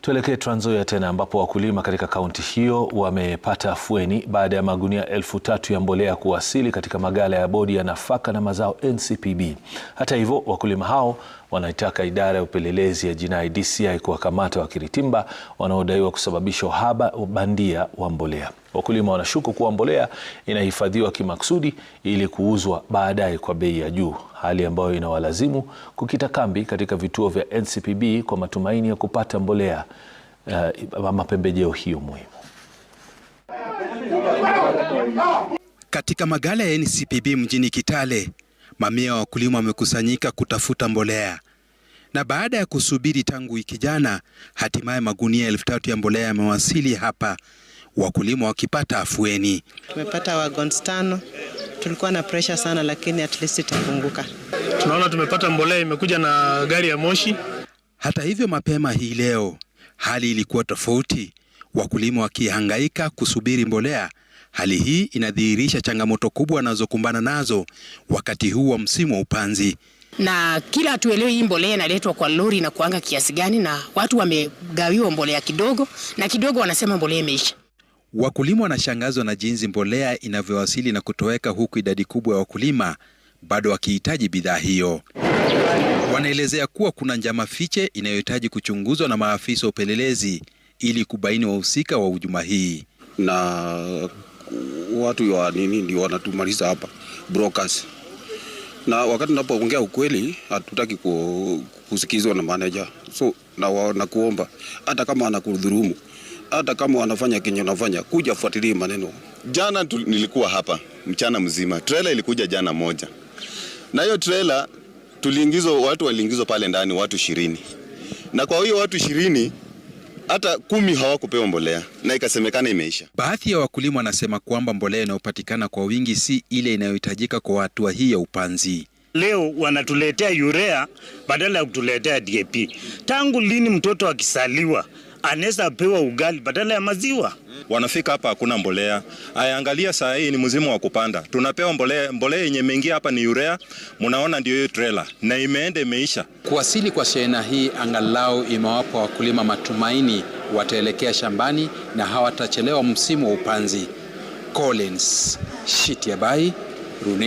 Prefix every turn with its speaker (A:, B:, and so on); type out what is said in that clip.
A: Tuelekee Trans Nzoia tena ambapo wakulima katika kaunti hiyo wamepata afueni baada ya magunia elfu tatu ya mbolea kuwasili katika maghala ya Bodi ya Nafaka na Mazao NCPB. Hata hivyo, wakulima hao wanaitaka idara ya upelelezi ya jinai DCI kuwakamata wakiritimba wanaodaiwa kusababisha uhaba bandia wa mbolea. Wakulima wanashuku kuwa mbolea inahifadhiwa kimakusudi ili kuuzwa baadaye kwa bei ya juu, hali ambayo inawalazimu kukita kambi katika vituo vya NCPB kwa matumaini ya kupata mbolea eh, ama uh, pembejeo hiyo muhimu. Katika magala ya NCPB mjini Kitale, mamia ya wakulima wamekusanyika kutafuta mbolea na baada ya kusubiri tangu wiki jana, hatimaye magunia elfu tatu ya mbolea yamewasili hapa wakulima wakipata afueni.
B: Tumepata wagons tano, tulikuwa na pressure sana, lakini at least itapunguka.
C: Tunaona tumepata mbolea imekuja na gari ya moshi.
A: Hata hivyo, mapema hii leo hali ilikuwa tofauti, wakulima wakihangaika kusubiri mbolea. Hali hii inadhihirisha changamoto kubwa wanazokumbana nazo wakati huu wa msimu wa upanzi
D: na kila tuelewe hii mbolea inaletwa kwa lori na kuanga kiasi gani, na watu wamegawiwa mbolea kidogo na kidogo, wanasema mbolea imeisha.
A: Wakulima wanashangazwa na jinsi mbolea inavyowasili na kutoweka, huku idadi kubwa ya wakulima bado wakihitaji bidhaa hiyo. Wanaelezea kuwa kuna njama fiche inayohitaji kuchunguzwa na maafisa wa upelelezi ili kubaini wahusika wa hujuma hii.
E: Na watu wa nini ndio wanatumaliza hapa brokers, na wakati tunapoongea ukweli hatutaki kusikizwa na manager, so na, na kuomba hata kama anakudhurumu hata kama wanafanya kinyo wanafanya, kuja fuatilia maneno.
F: Jana tu, nilikuwa hapa mchana mzima, trailer ilikuja jana moja, na hiyo trailer tuliingizwa, watu waliingizwa pale ndani watu ishirini, na kwa hiyo watu ishirini hata kumi hawakupewa mbolea na ikasemekana imeisha.
A: Baadhi ya wakulima wanasema kwamba mbolea inayopatikana kwa wingi si ile inayohitajika kwa hatua hii ya upanzi.
G: Leo wanatuletea urea badala ya kutuletea DAP. Tangu lini mtoto akisaliwa anaweza apewa ugali badala ya maziwa.
H: Wanafika hapa hakuna mbolea. Ayaangalia saa hii ni mzimu wa kupanda, tunapewa mbolea. Mbolea yenye imeingia hapa ni urea, mnaona ndio hiyo trailer na imeenda imeisha.
A: Kuwasili kwa shehena hii angalau imewapa wakulima matumaini, wataelekea shambani na hawatachelewa msimu wa upanzi. Collins Shitiabai, Rune